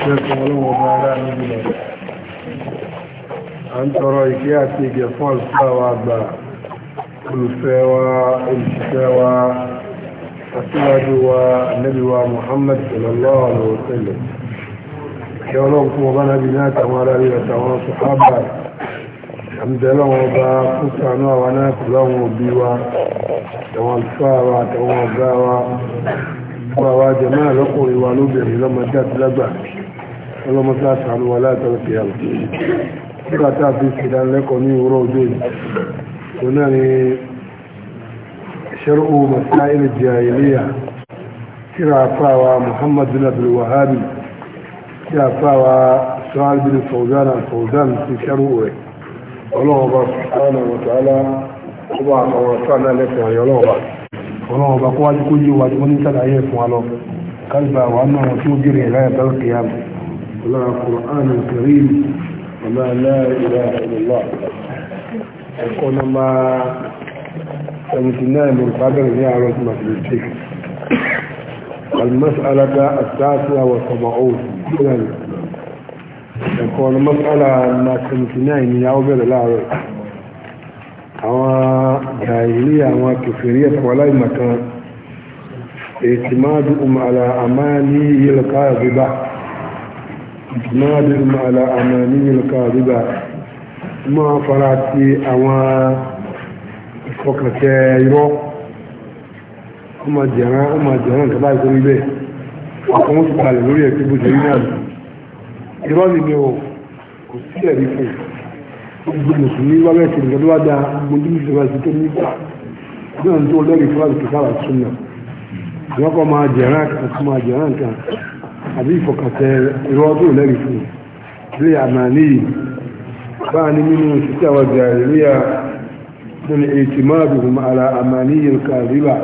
ṣẹ́kùn ọlọ́wọ́ bá ara níbi lọ a ń tọrọ ìké àti ìgẹ̀ fún àlùfáàwà àgbà olùfẹ́ wa olùṣiṣẹ́ wa aṣíwájú wa ànábì wa Muhammad sallallahu alaihi wa sallam kí ọlọ́run fún ọba nábi náà tàwọn ará rí àtàwọn sùhábà àmìdẹ́lọ́wọ́n ọba wa lóbìnrin lọ́mọdé àti lágbàá ọlọ́mọ tí a sàánú wa láìpẹ́ òkè yàrá nígbà tá a fi ṣèdánilẹ́kọ̀ọ́ ní ìwúrọ̀ ojú èyí tó náà ni ṣẹ́rù masáìlì jahiliya tíra fáwa muhammad bin abdul wahabi tíra fáwa sọ́hál bin fawzan al-fawzan ti ṣẹ́rù rẹ̀ ọlọ́ọ̀bá sọ́hánà wàtàlá ọba àwọn sọ́hánà lẹ́sẹ̀ ọ̀yọ́ wájú kó yí wọn ní sàlàyé fún wa lọ wà náà tí ó gèrè láyà bẹ́ẹ̀ ولا قرآن الكريم وما لا إله إلا الله يكون ما سمتنا من قدر يعرف ما في الشيء المسألة التاسعة والسبعون يكون مسألة ما سمتنا من يعرف لا يعرف àwọn jahiliya àwọn kìfìrí ẹ̀fọ́ aláìmọ̀kan ètìmáàdù umàlà àmáà ní ilẹ̀ نادر على أماني الكاذبة ما فراتي أما فكرتي يرو أما جران أما جران كبار كريبه ọkùnrin ti balẹ̀ lórí ẹ̀kí bó ṣe rí náà irọ́ ni ni o kò sí ẹ̀rí fún gbogbo mùsùlùmí wá bẹ́ẹ̀ ṣe nǹkan tó bá da gbogbo mùsùlùmí àti tó nígbà náà tó lẹ́rìí fún kìkà àti súnmọ́ àwọn kan máa jẹ̀rán kan máa jẹ̀rán kan àbí ìfọkàtẹ̀ ìrọ́dún lẹ́rìí fún ilé àmàlì bá ní nínú títí àwọn jàìríà nínú ètì máa dùn ara àmàlì kàríbà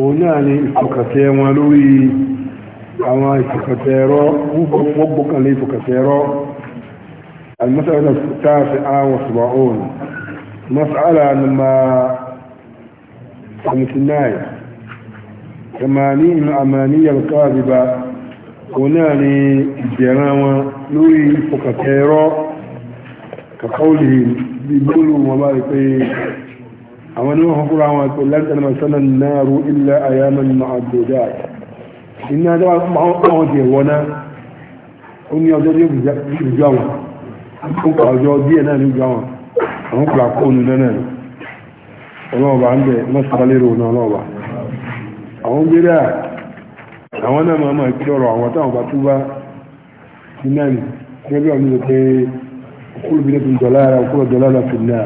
òun náà ni ìfọkàtẹ̀ wọn lórí àwọn ìfọkàtẹ̀ ẹ̀rọ gbọ́gbọ́kànlé ìfọkàtẹ̀ ẹ̀rọ المسألة التاسعة وسبعون مسألة لما سمتناي ثمانين أمانية الكاذبة òun náà ni ìjẹ̀ran wọn lórí ìfọkàtẹ̀ ẹ̀rọ kàkọ́ọ̀lì gbígbóòlù wọn bá rí pé àwọn ní wọ́n kúrò àwọn àti lẹ́tẹ̀lẹ́ mọ̀sánà náà rú ilẹ̀ àyàmọ̀ àdòdà iná tó àwọn ti ẹ̀wọ́ náà ó ní ọjọ́ tí ó àwọn ó kà ọjọ́ díẹ̀ náà ní jọ àwọn àwọn náà ọlọ́ọ̀bà ń bẹ̀ náà ọlọ́ọ̀bà àwọn àwọn náà máa máa kí ọ̀rọ̀ àwọn táwọn bá túbá ní náà ni gẹ́gẹ́ ọ̀nà ìlú pé òkúrò bí lẹ́tùn dọ̀lá ara òkúrò dọ̀lá ara tòun náà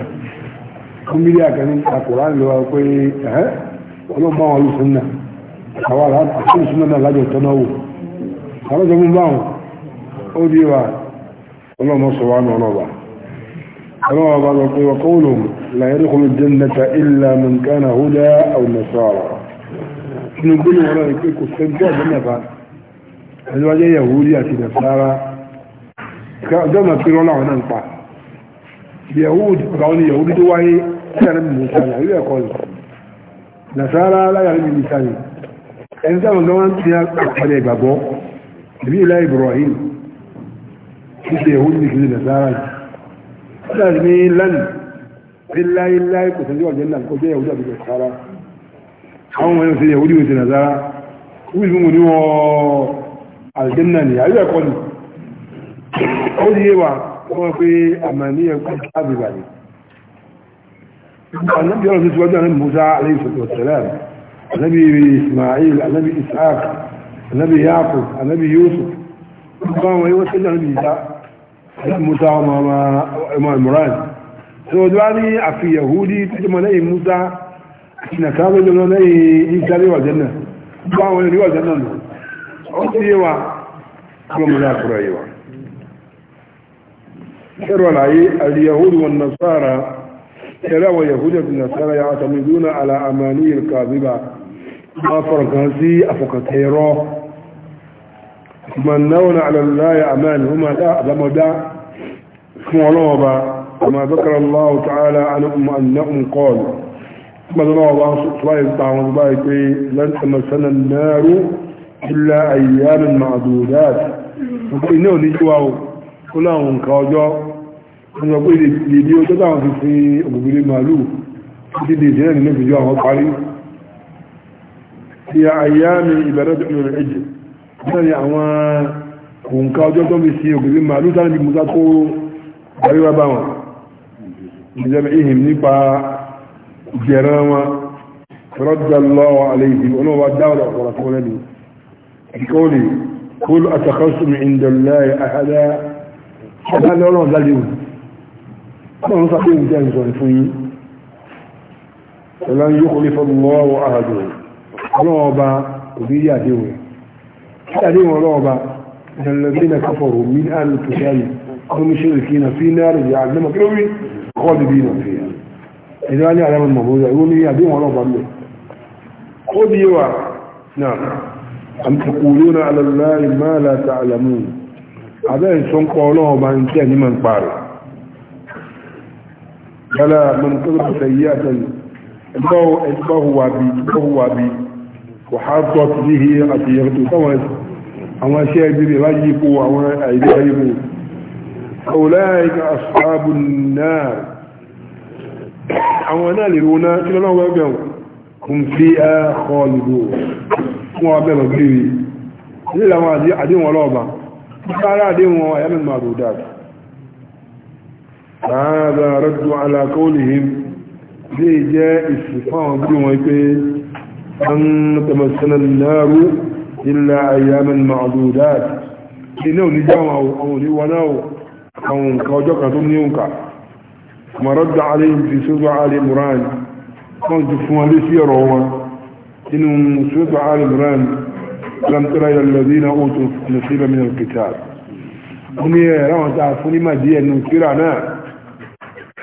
fún mílí àkànní àkùrá ń lọ wa pé ẹ̀hẹ́ ọlọ́run bá wọn lù sún náà àwọn àkùrò sún náà lájọ tọ́nà wò àwọn ọjọ́ fún báwọn ó di wa ọlọ́run sọ wa nù ọlọ́ba ọlọ́run bá lọ pé wọ́n kọ́ wọ́n lòun làyẹ́rẹ́ kọ́lù jẹ́ nínú gbóná ọ̀rọ̀ rẹ̀ pé kò sẹ́jọ́ ọ̀dọ́ mẹ́fà ẹ̀lọ́wájẹ́ ìyàwó rí àti ìdàsára ọjọ́ mọ̀ pé rọ́lá wọn náà ń pa ìyàwó ọ̀dọ́ ní ìyàwó tó wáyé láyàrin mi nìsàlẹ̀ àríwẹ̀ ẹ̀kọ́ rẹ̀ nàsára láyàrin mi nìsàlẹ̀ ẹni táwọn gan wọn ti ní àpàdé ìgbàgbọ́ ìbí ilá Ibrahim ti ṣe ní ìkìlẹ̀ nàsára yìí ó ní lánìí ilá ilá kò sẹ́jọ́ ọ̀jẹ́ náà kọjá ìyàwó dàbí nàsára àwọn ọmọ ìrìnṣẹ́ yẹ̀wúrí òsì nàzára wíìsì mú ní wọ́n àlìjẹ́nà ni àyíwá ẹ̀kọ́ ni ó di yé wa wọ́n pé àmàníyàn kú àbìbà ni ànábì ọ̀rọ̀ tó ti wájú ànábì Musa alayhi salam ànábì Ismail ànábì Isaac ànábì Yaqub ànábì Yusuf gbogbo àwọn ẹ̀wọ́ sẹ́jọ́ ànábì Isa wọ́n ti àfi Yahudi tó ti mọ lẹ́yìn Musa ìnà ka káwé lọ lẹ́yìn ìsáré janna bá àwọn ẹni janna nù ó ti ko mu gbọmọdé àkùrọ̀ yé wa la yi àlàyé yahud wa nasara kero wa yahud wa nasara ya ta miduna ala amani amaniyil kadhiba ma farkan sí afọkàtẹ́rọ يتمنون على الله da لا أبدا اسمه الله أما ذكر الله تعالى عنهم أنهم قالوا gbọ́dọ̀ náà wá ṣùgbọ́n ìta àwọn ọgbà ìpé lẹ́tẹ̀mọ̀sánà náàrú ilẹ̀ àyíyámin ma'adudat ọgbọ́n iná òní jíwá o kó láwọn nǹkan ọjọ́ ọjọ́ pé ìdí ọjọ́ táwọn fi fi òbòbìnrin màálù títí di ìdílé nínú ìfìjọ àwọn parí ti àyíyámin ìbẹ̀rẹ̀ tó lórí ẹ̀jẹ̀ náà ni àwọn nǹkan ọjọ́ tó fi fi òbòbìnrin màálù tánàbí musa tó àríwá bá wọn ìjẹ́bẹ̀ ihim nípa جرامة رد الله عليه وأنه بعد دولة ورسوله لي بقولي كل أتخصم عند الله أحدا هذا الله ذا اليوم أنا نصحي مجال زنفين فلن يخلف الله أحده الله أبا وبيا ديوه تأذين الله أبا إن الذين كفروا من أهل الكتاب هم مشركين في نار جهنم قوي خالدين فيها ẹ̀dẹ́ wá ní àrẹ́mọ̀ mọ̀mọ́dá ìwọ́n ní àbí wọn ọlọ́pàá mẹ́ ó di wà náà àmì kòkòrò náà alàlàyé máa láta àlàmù abẹ́ ìṣọ́nkọ́ ọlọ́wọ́ bá ń tẹ́ ní mọ̀ ń parẹ́ bala mọ̀nkọ́lọ́ sẹ́yí àtẹnu ẹgbọ́hùwà bí ẹgbọ́hùwà bí أولئك أصحاب النار àwọn náà lè rona tí lọ́nà wọ́n gbẹ̀rún kùn fi ẹ́ kọ́ lùgbò fún ọbẹ̀ lọ gbé rí ní ìlànà àdéhùn ọlọ́ọ̀bà sára àdéhùn ayámin máa rò dáadáa ààbà rọ́dù alákọ́ọ̀lìhìm lè jẹ́ ìsìnkọ́wọ̀n bí wọ́n pé an tàbàsánà náàrú ilẹ̀ ayámin máa rò dáadáa ورد عليهم في سورة آل عمران قلت فوالي سيروا إنهم سورة آل عمران لم ترى إلى الذين أوتوا نصيبا من الكتاب هم يرون تعرفون ما دي أنه كرانا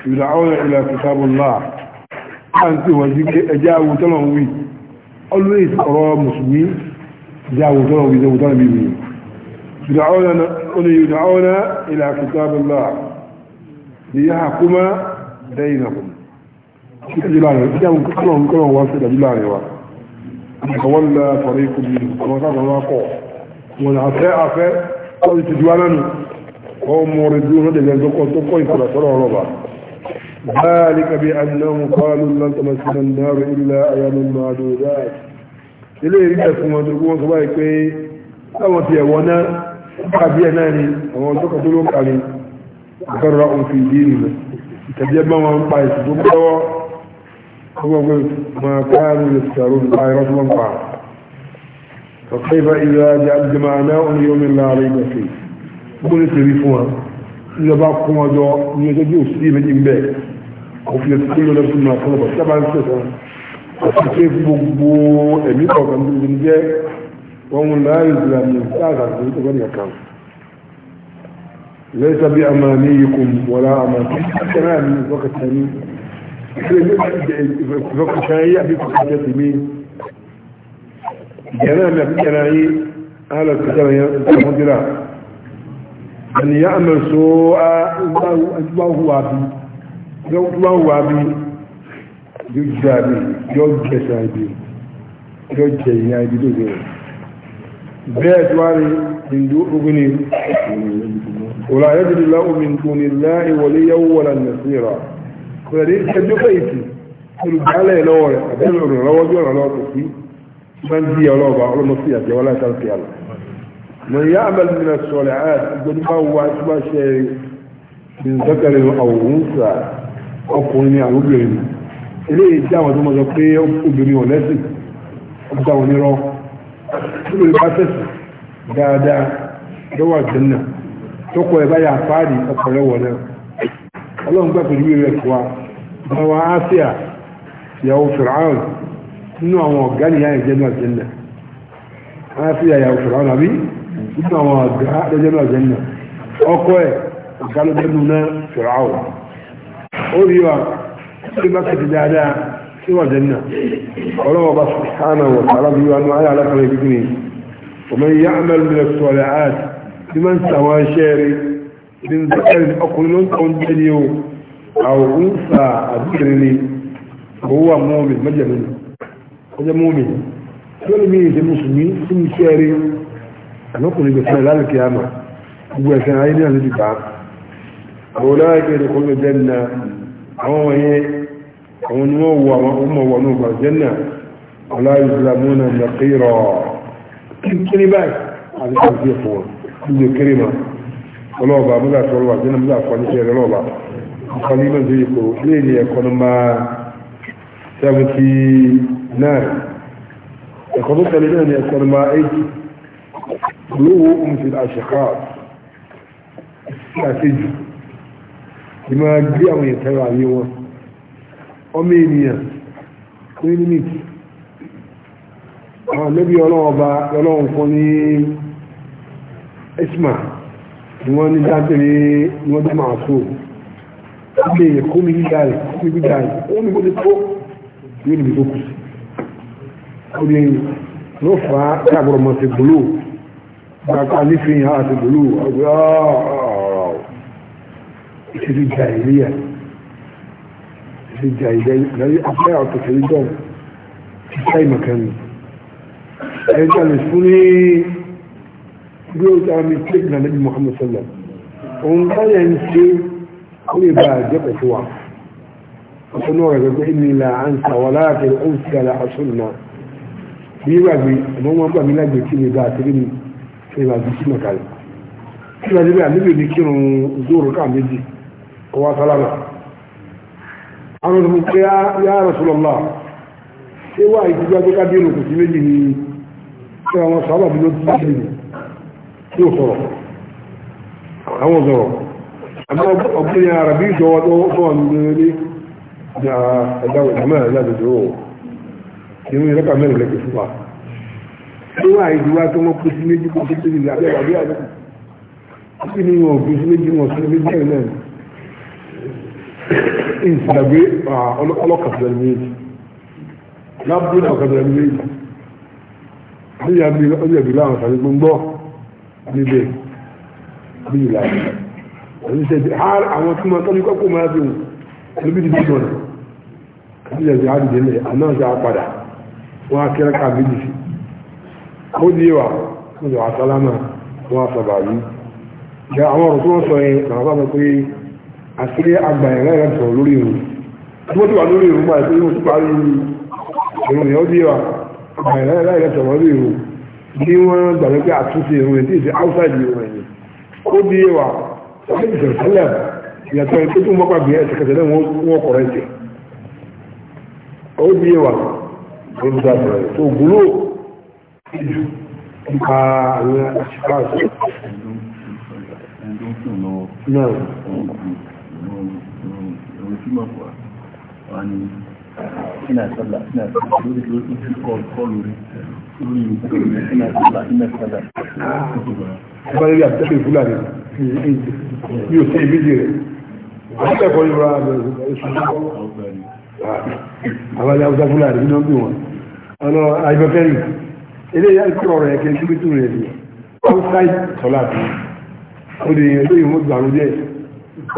يدعون إلى كتاب الله أنت وجيك أجاو تلوي always ọ̀rọ̀ musulmi já wùtọ́nà wùtọ́nà bíbí yìí yìí dáwọ́nà ilẹ̀ kìtàbílá ليحكم بينهم كلهم كلهم واسد جلاني وا تولى فريق منهم كما كان واقع والعفاء عفاء قد تجوانا وهم موردون لذلك تقوي كلا صلى الله ذلك بأنهم قالوا لن تمسنا النار إلا أيام معدودات إليه رجعكم ودرقون صباحك أما تيوانا أبيناني أما تقتلون عليه gbọ́dọ̀ òfin ìdí nìyẹn ìtẹ̀bí ẹgbẹ́ wọn ń pa èsì tó gbọ́wọ́ gbogbo máa káàrù lè sàrò nípa ẹ̀rọ tó ń pa ọ̀kẹ́fà ìlú ajá jẹmọ́ àná òní omi láàrin ìgbà sí gbogbo ní tèrí fún wa ìjọba kún ọjọ́ ní ọjọ́ bí òsì méjì ń bẹ̀ òfin ètò tó lọ́dọ̀ fún wa fún ọ̀bọ̀ sábà ń sẹ̀sán àti pé gbogbo ẹ̀mí kọ̀ọ̀kan tó ń jẹ́ wọn láàrin ìgbà mi sáà ليس بأمانيكم ولا أمانيكم كمان من وقت ثاني وقت ثاني يأتي في مين جنام يأتي جنائي أهل الكتاب أن يعمل سوءا الله هو بي الله هو بي يجزى بي يجزى بي يجزى بي بيت واري من دون ولا يجد الله من دون الله وليا ولا نصيرا فلذلك كجو فيتي كل على لور ادل لور جو لور في من دي الله با الله مصيا ولا تلقي الله من يعمل من الصالحات يقول ما هو ما شيء من ذكر او انثى او قومي او بني eléyìí tí àwọn tó mọ̀ sọ pé obìnrin ò lẹ́sìn ọgbà onírọ́ tó lè bá tókọ ẹ̀ báyà fáàdì ọkọ̀rẹ́ wọ̀ ọlọ́run gbà pẹ̀lú rẹ̀ wa áfíà ìyàwó fìràún nínú àwọn ọ̀gá nìyá ẹ̀jẹ̀ jẹ́ náà áfíà ìyàwó fìràún àbí nínú àwọn ọ̀gá ẹ̀jẹ̀ jẹ́ náà ọkọ ẹ̀ ọ̀gá ló dẹnu náà fìràún ó rí wa ó rí bá dáadáa sí wà ọlọ́wọ́ bá sùn wọ̀ nù bí máa ń sàwọn iṣẹ́ rí bí ń sẹ́rẹ̀ ọkùnrin ló ń tọ́ ń jẹ́ ní o àwọn ń sa àdúgbò ní owó wà mọ́ọ̀mì mẹ́jẹ̀mí ọjọ́ mọ́ọ̀mì tí ó lè mìíràn ṣe mùsùlùmí sí iṣẹ́ rí àmọ́kùnrin gbèsè rẹ̀ lálùkì àmà gbogbo ẹ̀sẹ̀ ayé ní àlejò bá àwọn oláyẹ̀kẹ́ àwọn ni wọ́n wọ àwọn ọmọ wọn náà jẹ́nà ọláyẹ̀ ìsìlámù náà kí ní báyìí àti kàwé fún ní kérima ọlọ́ọ̀bà múlá tó ọlọ́wà jẹ́nà múlá fọ́ níṣẹ́ rẹ̀ ọlọ́ọ̀bà ọkọ̀ ní ìmọ̀ ìjọyè kò lè ní ẹ̀kọ́ ní máa sẹ́wọ́tì náà ẹ̀kọ́ tó tẹ̀lé náà ní ẹ̀kọ́ ní máa éjì olówó oúnjẹ àṣẹká àṣejù ní máa gbé àwọn ayé wọn ọmọ ènìyàn kúrínìmìtì àwọn àlẹ́bí ọlọ́ọ̀bà ọlọ́ọ̀fọ́ ní isma ni wọ́n ní dágbére ni wọ́n dá máa so ilé ẹ̀kọ́ mi gíga rẹ̀ kó mi gíga rẹ̀ ó ní gbọ́dọ̀ tó yóò níbi tó kù sí ó ní ló fà á káàbọ̀rọ̀ mọ̀ sí gbòló gbàgbà nífẹ̀ẹ́ yàrá sí gbòló ọgbẹ́ ọ̀rọ̀ ìṣèlú bí ó ta mi tí ìgbà níbi Muhammad sallam òun báyẹ̀ ń ṣe ó lè bá jẹ́ pẹ̀tù wa ọ̀sán náà rẹ̀ pé ní ilà à ń sà wà láàkiri ó ń sì àlà àṣọ nà bí ó gbàgbé àmọ́ wọn gbàgbé lágbè kí ni bá àtẹ́lẹ́ mi ṣe bá bí sí màkàlẹ̀ kí wàá níbi àníbi ní kírun zoro ká méjì kó sálámà àwọn pé yá Rasulullah ṣé wà ìdíjọ́ pé ká bí òkùnkùn méjì ni ṣé àwọn sábà bí ló ti ṣe tí ó sọ̀rọ̀ àwọn sọ̀rọ̀ ọ̀gbìn yà rà bí ìṣòwò tó wà ní ẹ̀dá ìdámẹ́ ẹ̀dá ìdòdó ìrìn ìrẹ́pà mẹ́rin lẹ́gbẹ̀ẹ́ fún wa tí wọ́n àìdíwá tó wọ́n kú sí méjì kó tó níbẹ̀ bí ìlànà ẹni ṣe ti hàn àwọn tí wọn tọ́jú kọ́kọ́ máa bí ẹni bí dídí sọ̀rọ̀ ẹni ṣe ti hàn dìde lẹ̀ àná ṣe àpadà wọn akẹ́rẹ́ ká méjì sí ó wa wọn sọ àsálámà wọn àsọ̀bà yìí ṣe àwọn ọ̀rọ̀ tí wọ́n sọ yẹn làwọn bá sọ àṣírí àgbà ẹ̀rọ ẹ̀rọ sọ̀rọ̀ wa lórí ìrù ní wọ́n gbàgbé àtúnṣe ìrun ẹ̀ tí ìṣe outside ìrun ẹ̀yìn ó di ẹwà ọ̀hún ìṣẹ̀lẹ̀ ìyàtọ̀ ẹ̀ tó tún mọ́pà bí ẹ̀ṣẹ̀ kẹsẹ̀ náà wọ́n kọ̀rọ̀ ẹ̀ṣẹ̀ ó di ẹwà olùdá bẹ̀rẹ̀ tó gbúrò ìjú nípa àwọn aṣípàṣẹ. náà wọ́n ní kí náà Báyọ̀ àtẹ́kẹ̀ Fúlàní ní òsè ìbíjì rẹ̀. Àwọn ẹ̀kọ́ yóò rárá rẹ̀ àwọn ẹ̀yà Hausa Fúlàní nínú bí wọn. Ọ̀nà àìbẹ̀fẹ́rì, ilé ìyá ìkọ̀rọ̀ rẹ̀ kẹ́ sí mítù rẹ̀ sí. Hausa Tọ́lá bí. Ó di ẹgbẹ́ ìmú gbàrún jẹ́.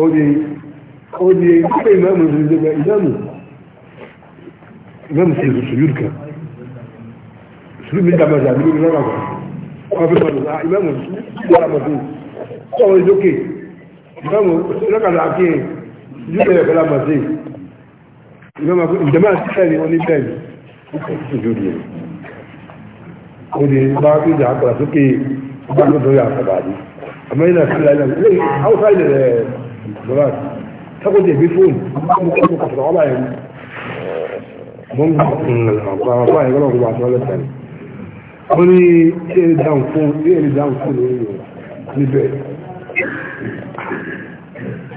Ó di ó di ẹgbẹ́ ìmọ̀ ìmọ̀ ìmọ̀ ìmọ̀ ìmọ̀ ìmọ̀ ìmọ̀ ìmọ̀ mùsùlùmí dàmà jàmí ní lọ́nà wọn wọn fi sọ̀rọ̀ náà ìmọ̀ mùsùlùmí wà mọ̀tò sọ̀rọ̀ ìdókè ìmọ̀ lọ́kàdà àkè ìdílé ẹ̀fẹ́ la mọ̀tò ìmọ̀ mọ̀tò ìjọba àti bẹ́ẹ̀ni wọn ní bẹ́ẹ̀ni ó di bá tó jà àpàrà sókè bá tó dọ̀rọ̀ àkàbà ni àmọ́ iná sí láyé náà lẹ́yìn haúsá ilẹ̀ rẹ̀ bọ́lá sákòtì ẹ̀bí fóònù mo ń gbà àwọn àpá yẹn kọ́lọ́ kó bá aṣọ lẹ́sẹ̀ rẹ̀ wọ́n ní ẹni dáhùn fún ní ẹni dáhùn fún lórí rẹ̀ níbẹ̀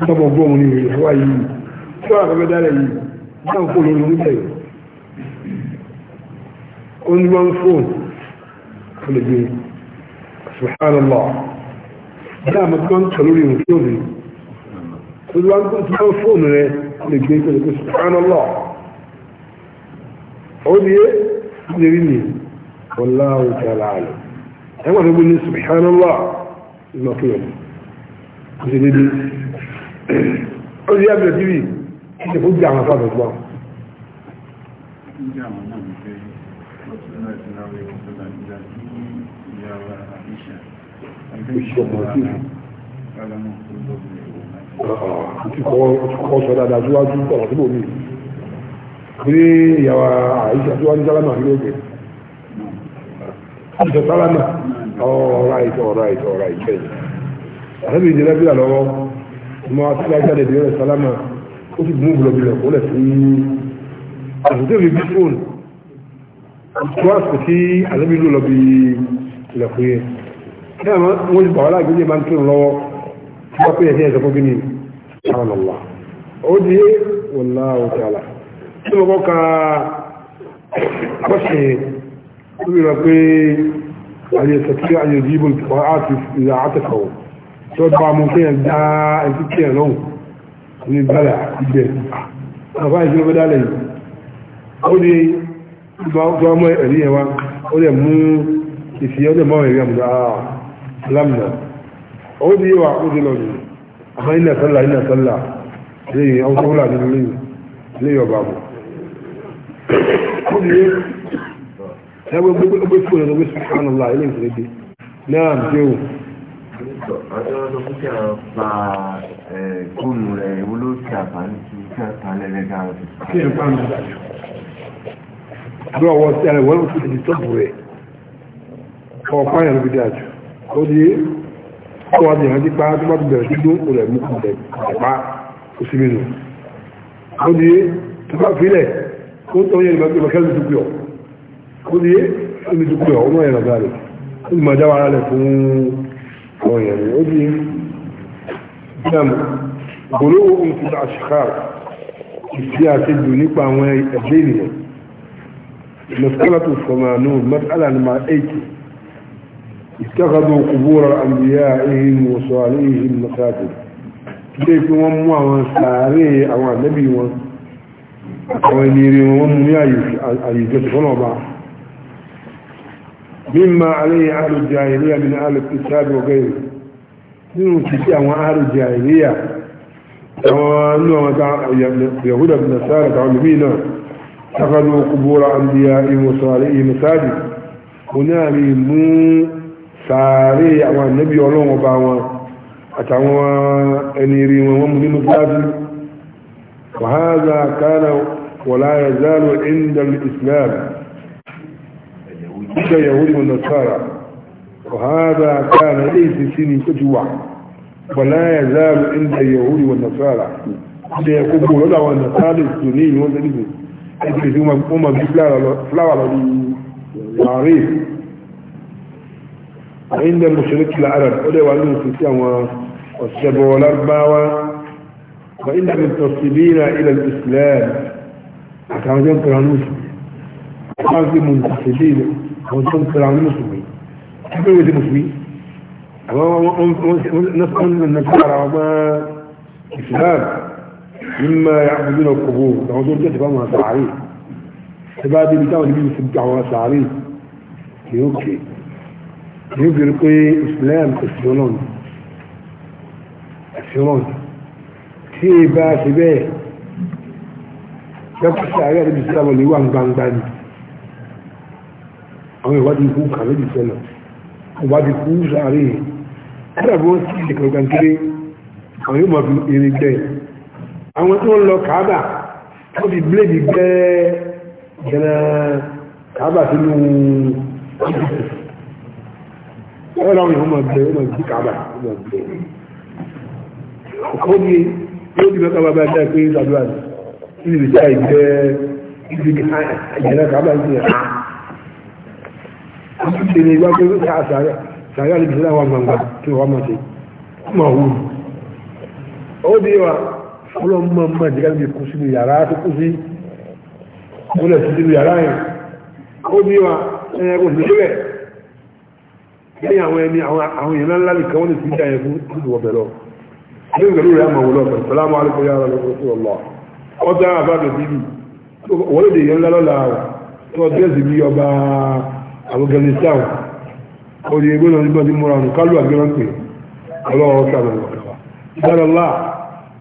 tọ́bọ̀ gbọ́ òun ní ìrìn àwá yìí tí wọ́n àfẹ́fẹ́ dálẹ̀ yìí dáhùn fún lórí níbẹ̀ ó ní wọ́n fún olùgbé subhanallah dáàmà tí wọ́n tọ̀ lórí ìrìn tí ó rí ó ní wọ́n rẹ̀ olùgbé والله تعالى عالم أما نقول لي سبحان الله المطلوب زيدي قل يا ابن جديد انت فوق جامعة فاضل الله Ìyàwó àìṣà tó wá ní sálámà ní ogun àti sálámà ọ̀ráìtì ọ̀ráìtì ọ̀ráìtì àtẹ́bí ìdílé bí àlọ́wọ́ ọmọ akílájá lè dìrẹ́ sálámà ó sì mú bùlọ̀bìlọ̀ kó lẹ̀ sí àtúntò ìbí fóònù tó àsìkò tí àtẹ́bí ìlú lọ bí ilẹ̀kùn yẹn ní àmọ́ wọ́n ti bàwọ́ láàgbé ní ìbá ń kírun lọ́wọ́ tí wọ́n pè é sí ẹ̀sẹ̀ fún gíní sàrànlọ́wọ́ ó di wọ́n láwọ́ tí a lá tí wọ́n kọ́ ka abọ́sẹ̀ سبيل ربي أن يستطيع أن يجيب القراءات إذا عتقه تبع ممكن داء كثير لهم من البلع أفايز البدا لي أولي gbọ́mọ̀ ẹ̀rí ẹwà ó lè mú ìfìyà ó lè mọ́ ẹ̀rí àmúdá ah, lámìnà ó dí wà ó dí lọ́nà àmá iná sọ́là iná sọ́là lẹ́yìn ọkọ̀ wúlà nínú lẹ́yìn ọba mọ̀ ẹgbẹ́ gbogbo fún ẹ̀rọ wíṣọ àwọn ọ̀la ilé ìfúnni dé náà dé o. ọjọ́ tó kú kí a pa fóònù rẹ̀ wúlò sí àǹfààní sí kí a pa lẹ́lẹ́ dára sí. kí ẹ pa mi dájú. bí ọwọ́ sí ara ìwọ́n fi ti tọ́pù rẹ̀ kọ́ ọ̀pá yẹn ló fi dájú. ó di ọwọ́ àti ìrántí pa tó bá ti bẹ̀rẹ̀ sí dún rẹ̀ mú kù rẹ̀ pa ó sì mí nù. ó di tó bá fi lẹ̀ ó tọ́ yẹn ìmọ̀kẹ́lẹ́ tó gbé ọ̀. ó ní omi tó pè ọ́ ọmọ ẹ̀rọ gbà rẹ̀ ó sì máa dá wàhálà fún àwọn ó di islam gbólóhùn nípa àwọn ènìyàn tó àánú máa èkì مما عليه أهل الجاهلية من أهل الكتاب وغيره من المتشيء من أهل الجاهلية وأنهم يهود بن سارة علمين اخذوا قبور أنبيائهم وصالئهم مساجد هنا من صالي والنبي النبي ولوم وباوا أتعوى أنيري ومم مساجد وهذا كان ولا يزال عند الإسلام مثل اليهود والنصارى وهذا كان ليس سنين كجوا ولا يزال عند اليهود والنصارى سيقوم لدى والنصارى السنين والنصارى ẹgbẹ̀rẹ̀ ọmọ bí fláwà lọ ní ààrẹ àyíndẹ̀ mọ̀ṣẹ̀lẹ́kì láàrẹ̀ ó dẹ̀wà ní òfin sí àwọn ọ̀ṣẹ̀bọ̀ lágbáwá wà ní àmì tọ̀sílẹ̀ ilẹ̀ islam àtàwọn jẹ́ قاضي منتخبين وانتم تلعون مسلمين تحبوا يدي مسلمين نسأل النجارة وما إسلام مما يعبدون القبور موضوع جدا فهمها تعريف سباب اللي كانوا يجيبوا سبع وتعريف يوكي يوكي يقول إسلام كسيولون كسيولون tí bá ṣe bẹ́ẹ̀ lọ́pọ̀ sí ààrẹ ìbísí àwọn olè wà ń gbangba ni àwọn ìwádìí ikú kàwé jù sẹ́lẹ̀ ìwádìí ikú sáré kódà bí wọ́n sì ṣe kankan kéré àwọn yóò máa fi eré gbẹ́ àwọn tí wọ́n lọ kàábà wọ́n fi bíléèdì gbẹ́ jẹ́nà kàábà sínú ẹ̀rọ àwọn èèyàn máa gbẹ́ wọ́n máa gbé kàábà wọ́n máa gbẹ́ ọkọ̀ ní yóò di mẹ́ta ṣe ní ìgbà pé sàárà sàárà níbi sílẹ̀ wọn gbangba tí wọ́n máa ṣe máa wù mí. ó di wa fọlọ́ máa máa jẹ́ káàbí kú sínú yàrá tó kú sí múlẹ̀ sí sínú yàrá yẹn. ó di wa ẹ̀yẹ kò sí síbẹ̀ lẹ́yìn àwọn ẹni àwọn èèyàn ńlá nìkan wọ́n lè fi ìjà yẹn fún ìdìbò bẹ̀ lọ. ní ìgbàlú rẹ̀ máa wù lọ pẹ̀lú sàlámù alẹ́kọ̀ọ́ yàrá lọ́wọ́ ọ̀dà àbábẹ̀ bíbí wọ́n lè dè yẹn ńlá lọ́la rẹ̀ tó ọdún ẹ̀sìn bí ọba àwọn gẹ̀lẹ́ sáwọn ó di ẹgbẹ́ náà nígbà tí mo ra nù kálù àgbẹ̀rán pè ọlọ́wọ́ sáwọn ọ̀kàwà ìdára lá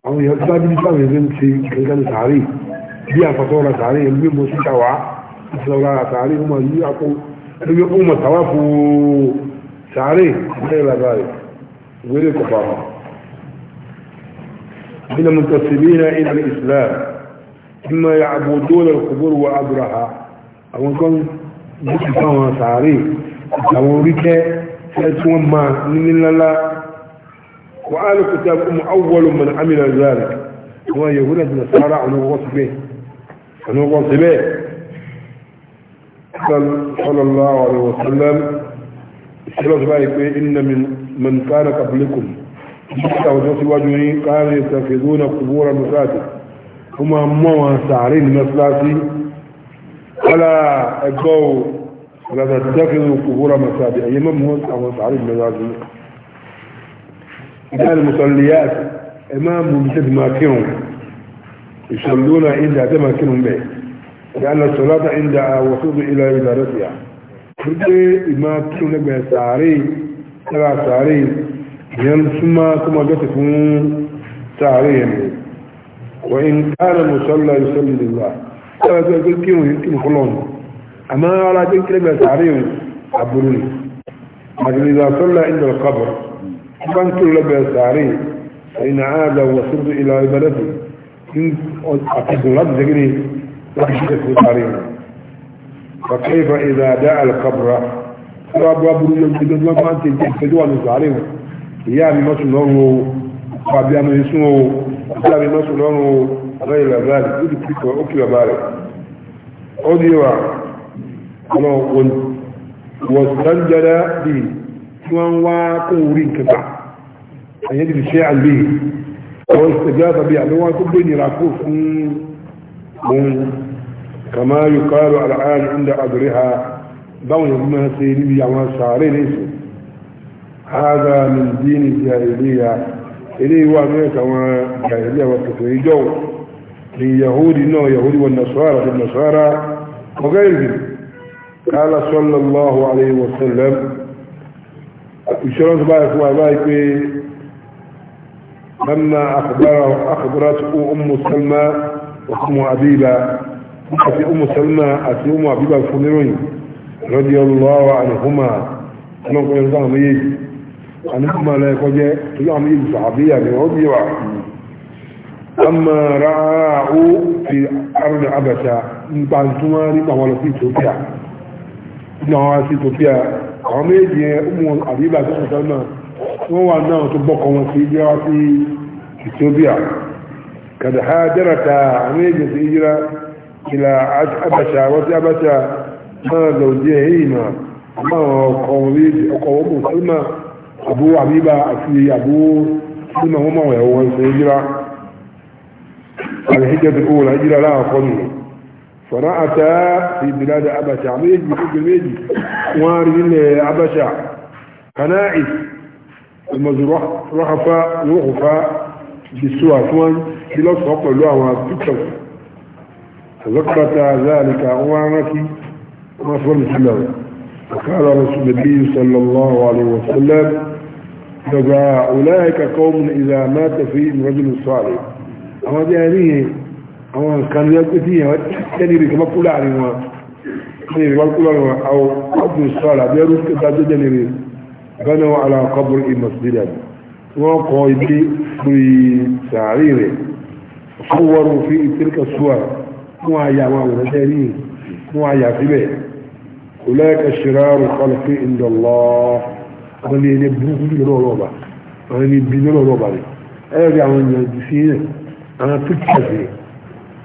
àwọn èèyàn sábìlì sáwọn ẹgbẹ́ ń ṣe gẹ́gẹ́ ní sàárè bí àfàtọ́ ra sàárè ẹni bí mo sì ṣàwá ìṣàwá sàárè ó máa yí àpò ẹni bí ó mọ̀ tàwá fún sàárè bẹ́ẹ̀ lára rẹ̀ ìwéré kọ̀ọ̀fà من المنتسبين إلى الإسلام مما يعبدون القبور وعبرها أو كنت níbi táwọn sàárè àtàwọn oríkẹ́ tí wọ́n máa níní lálá wọ́n á lè kòtà kún awọ́lù mọ̀nà amìnà zari wọ́n yẹ wúlẹ̀ tí nàṣàrà àwọn ọwọ́ sí bẹ́ẹ̀ àwọn ọwọ́ sí bẹ́ẹ̀ sallallahu alaihi wasallam ìṣẹ́lọ́ sí báyìí pé inna min kana qablikum nígbà wọ́n sí wájú ní káàrin ìtàkìzónà kúbúrà mùsáàtì kuma mọ́ wọn sàárè ní mẹ́sàlásí kọ́lá ẹgbọ́ ولا تتخذوا قبور مساجد أي ممهوز أو تعريف مزاجي إذا المصليات إمام مجد ماكنهم يصلون عند تماكنهم به لأن الصلاة عند وصول إلى إدارتها كل ما كنوا نبع سعري ترى سعري ينسمى كما جتكم سعريهم وإن كان المصلى يصلي لله ترى تقول كيف يمكن خلونه àmọ́ ọlá tí ń kéré gbà sàárè àbúrò ni àgbègbè sọ́lá ìdọ̀ kọ́bọ̀ tí bá ń kéré lọ́gbẹ̀ sàárè ẹ̀yìn náà àgbà wọ̀ sódò ìlà ìbẹ̀rẹ̀fẹ̀ àtìgùn láti dẹ́gẹ́rẹ́ láti ṣe fún sàárè rẹ̀ فكيف إذا دعا القبر رب رب يجدد ما أنت تجدد وأن تعلم يا بمسل نوره وابي أمر يسمه يا بمسل نوره غير ذلك يجب فيك وأكل بارك أديوا ọlọ́wọ́n wọ̀sánjára bí tí wọ́n wá kún orí nkẹta ẹ̀yẹ́ ti ṣe àlè wọ́n ṣẹ̀gbẹ́ àtàbí àbẹ́wọ́n tó gbé nira kó fún òun kàmá yóò kárọ̀ àlàáyé ń da àdúrí ha báwọn yóò máa ṣe níbi àwọn sàárè lẹ́sìn hádà min dínì jahiliya ilé ìwà mẹ́ta wọn jahiliya wà tuntun ìjọ ni yahudi náà yahudi wọn nasara wọn nasara ọgá ìrìn قال صلى الله عليه وسلم الشرط بقى يقول بقى لما أخبره أخبرته أم سلمى وأم عبيدة في أم سلمى أتي أم عبيدة الفنيرين رضي الله عنهما أنا أقول لك أنا ميز أنهما لا يقول لك أنا ميز صحابية رضي أما رأوا في أرض عبسة من بعد ثماني ما هو لطيف ní àwọn àti ethiopia àwọn méjì yẹn umu àbíbà tó sọ̀tọ̀ náà wọ́n wà náà tó bọ́kọ̀ wọn sí ìjọ wá sí ethiopia kàdà ha jẹ́rà ta àwọn méjì sí ìjìra ìlà abàṣà wọ́n sí abàṣà náà lọ jẹ́ èyí mà àmọ́ àwọn ọkọ̀ wọn méjì ọkọ̀ wọn mú sọ́nà àbú àbíbà àti àbú sọ́nà wọn mọ̀ ẹ̀wọ̀n sí ìjìra àlẹ́hìjẹ́ tó kó wọn ìjìra láàkọ́ nìyẹn صنعتا في بلاد أبشع ميجي فوق الميجي واري من أبشع كنائس المزروح رخفاء وخفاء بسوى توان بلا صحق الله وفكتو فذكرت ذلك أوانك ما صبر الله فقال رسول النبي صلى الله عليه وسلم فذا أولئك قوم إذا مات فيهم رجل صالح أما دي هذه àwọn nǹkan yẹ pé tíyàn tẹ́lẹ̀ rí kọmọ́ kúlà rí wọn tẹ́lẹ̀ rí kọmọ́ kúlà rí wọn àwọn ọdún sọ́ọ̀lá bí ẹrú tó dájọ́ jẹ́ nìrí gánà wọn àlà kọbùrù ìmọ̀sílẹ̀ wọn kọ ilé lórí sàárì rẹ̀ fún wọn fi ìtìrìkà sùwà fún àyà àwọn àwòrán tẹ́ rí fún àyà síbẹ̀ kò lẹ́ẹ̀kẹ́ ṣìráàrù kọlùfí ìndọ̀lọ́ wọn ni ẹni burúkú jù lọ́wọ́ ọba wọn ni bí lọ́wọ́ ọba rẹ̀ ẹ̀rọ àwọn èèyàn sí àwọn píkítà sí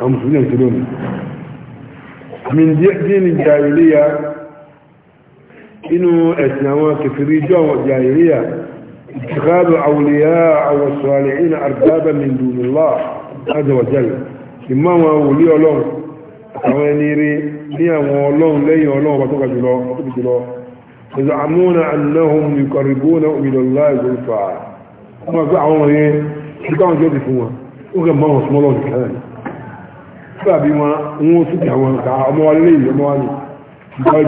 أو مسلمين يقتلون من دين الجاهلية إنه إسلام كفري جوا الجاهلية اتخاذ أولياء أو الصالحين أربابا من دون الله عز وجل إما هو أولياء لهم أو نيري نيا مولون لي مولون بتوكا جلو يزعمون أنهم يقربون إلى الله زلفا أما زعمهم إيه؟ شو كان جدي فيهم؟ ما هو اسمه الله سبحانه sílà bí wọn ń wọ́n sí àwọn ọmọ wa lé ìlú ọmọ wa ní ìgbà ìgbà yìí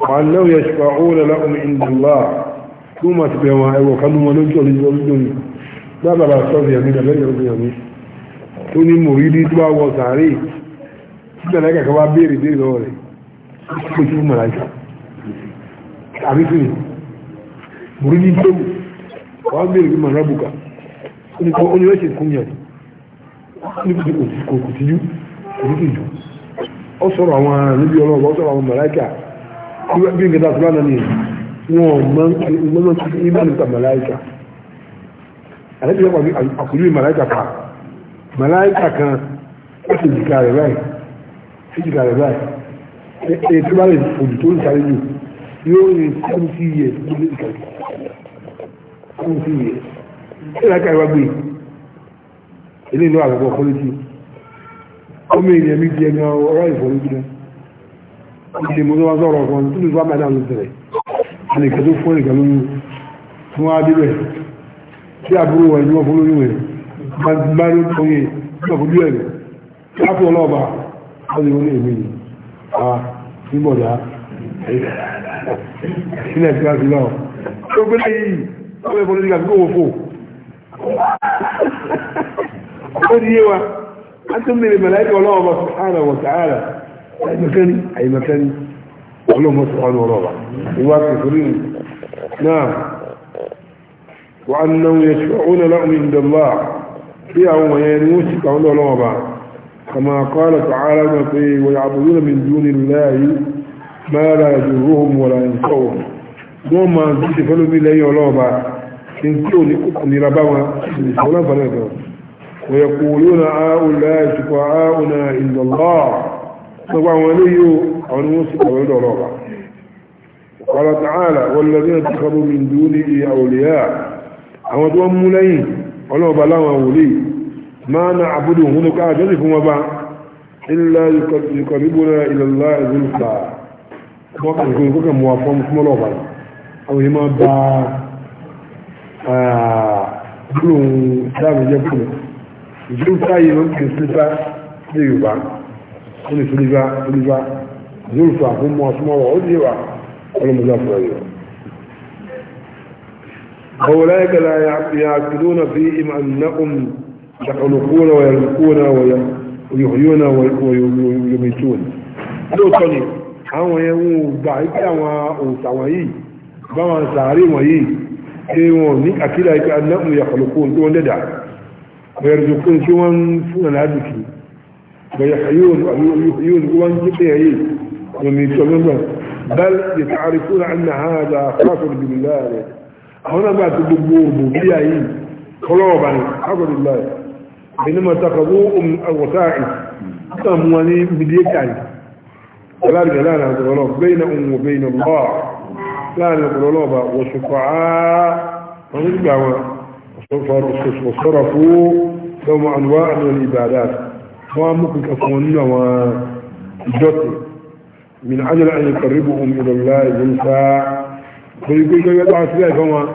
wọn náà yẹ ṣùgbọ́n ó rẹ̀ lọ́kùn ìdùnlá kí wọ́n ti bẹ̀ wọn ẹwọ̀ kanú wọn lójú ọ̀lẹ́jú ọdún lónìí lábàbà sọ́ọ̀bì ẹ̀mí lẹ́yìn ọdún ẹ̀mí tó ní mò rí dídú àwọ̀ sàárè síbẹ̀ láìka kan wá wọ́n bí níbi kò kò tíjú kò tíjú jù ó sọ̀rọ̀ àwọn níbi ọlọ́ọ̀bọ̀ ó sọ̀rọ̀ àwọn màláìkà bí n kẹta sọ́lá náà ni wọn mọ́nà tí ìmọ̀ nípa màláìkà àlejò yẹn pàdé àkùnrin màláìkà pa màláìkà kan ó sì jìkà rẹ̀ báyìí sí jìkà rẹ̀ báyìí ẹ̀ tí wọ́n lè fòjì tó ń sáré jù yóò ní seventy years ní ìkàlẹ̀ seventy years ìlàkà ìwà gbé yìí ilé ìlú àgbẹ̀bọ̀ kọ́lẹ́tì ọmọ ènìyàn mi di ẹni ọ̀rọ̀ ìfọ̀lójú náà ìdè mú lọ́wọ́ sọ̀rọ̀ ọ̀kan tó lè fáwọn ẹ̀dá lóṣẹ̀rẹ̀ alẹ́kẹ́ tó fún ẹ̀kẹ́ lóyún fún wa bíbẹ̀ tí àbúrò wà ní wọ́n fún lóyún rẹ̀ bá ló tó yẹ náà fojú ẹ̀rẹ̀ láti ọlọ́ọ̀bà ọdún ìwọ́n èmi ni a níbọ̀dá sílẹ̀ tí a ti lọ tó gbé lẹ́yìn ọmọ ìfọ̀lójú àti kó قريوا أنت من الملائكة والله سبحانه وتعالى أي مكان أي مكان اللهم سبحانه وتعالى يواقف فرين نعم وأنه يشفعون لهم عند الله في يوم ينوسك الله لهم كما قال تعالى ويعبدون من دون الله ما لا يضرهم ولا ينفعهم wọ́n máa gbé ṣe fẹ́lómi lẹ́yìn ọlọ́ọ̀bá kí n tí ò ní kòkòrò nira bá wọn ìṣòro náà bá náà ويقولون هؤلاء شفعاؤنا عند الله طبعا ولي عنوس قبل الله قال تعالى والذين اتخذوا من دونه أولياء أما دوام ملايين ولو بلاوا ولي ما نعبدهم هناك أجلف وما إلا يقربنا إلى الله زلفى وقد يكون كم موافق مسمى الله أو هما با آه كلهم سامي جبنا zulufa yìí ló ń pè sílífà sí yorùbá ó ní sílífà sílífà zulufa fún mọ́ súnmọ́wọ́ ó díwà ọlọ́mọdé àfúrà yìí أولئك لا يعقلون فيهم أنهم يخلقون ويلقون ويحيون ويميتون lóòtọ́ ni àwọn yẹn wọn ò gbà ipé àwọn òòsà wọn yìí báwọn sàárè wọn yìí pé wọn ní àkílà ipé anáhùn ويرزقون كمان فوق العدك ويحيون ويحيون كمان كتير ومن بل يتعرفون أن هذا خاص بالله هنا بعد الدبور بيعي قلوبا حفظ الله إنما أم الوسائل تمواني بديكاي ذلك لا نقول بينهم وبين الله لا نقول وشفعاء ونجبعوا وصرفوا لهم أنواع من العبادات وممكن كفونين وجوتي من عجل أن يقربهم إلى الله ينسى فيقول لي يدعى سلاي فما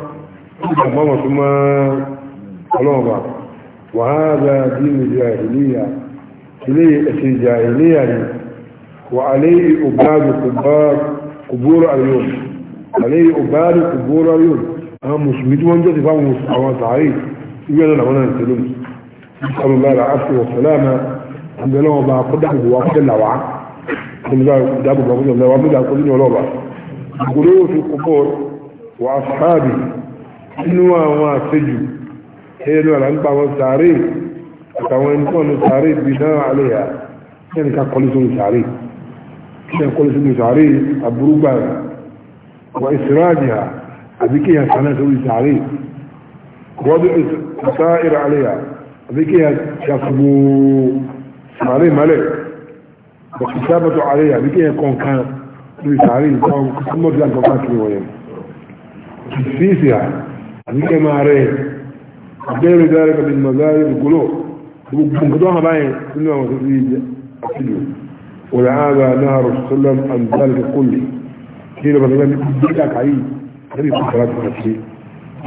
فما ثم قلوبا وهذا دين الجاهلية إليه أسي الجاهلية وعليه أباد قبار قبور اليوم عليه أباد قبور اليوم àwọn mùsùlùmí tí wọ́n jẹ́ ti fáwọn àwọn sàárè ìwé ẹ̀rọ làwọn náà tẹ̀lé ìsàlù lára aṣọ ọ̀sẹ̀láàmà àbẹ̀lẹ̀ ọba akọ́dàgbò wa kọ́dẹ̀ làwà dábò bá kọ́dẹ̀ làwà mẹ́ta kọ́dẹ̀ ní ọlọ́ba ìgbòrò òfi kọ́kọ́ wà sáàbì nínú àwọn àṣejù ẹ̀yẹnu àlà ń pa àwọn sàárè àtàwọn ẹni tọ́nu sàárè bí náà alẹ́ yà kẹ́ni ká kọ́lé sórí sàárè kẹ́ni kọ́lé sórí sàárè àbúrúgbà أبيكي أنا سوي تعريف وضع سائر عليها أبيكي يصبو مالي ملك وكتابة عليها أبيكي يكون كان سوي تعريف كون كسمت لك وقاتل ويم تسيسها أبيكي ما عليه غير ذلك من مذاهب القلوب بنقضوها باين كلنا وصفيه أكيدوا ولعابا نهر السلم عن ذلك كله كيلو مثلا بيكي لك عيد ẹ̀rí kò sára tó kàṣe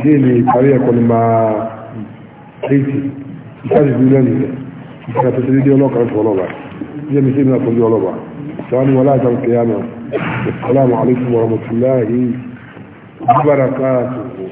dé ní ìparí ẹ̀kọ́ ní máa rétí ìsáàjì bí lẹ́nu rẹ̀ ìsára tó tẹ́lẹ̀ dé ọlọ́kàrẹ́ tó ọlọ́ba jẹ́ mi sí ìrìn àtọ́jú assalamu alaikum warahmatullahi wabarakatuh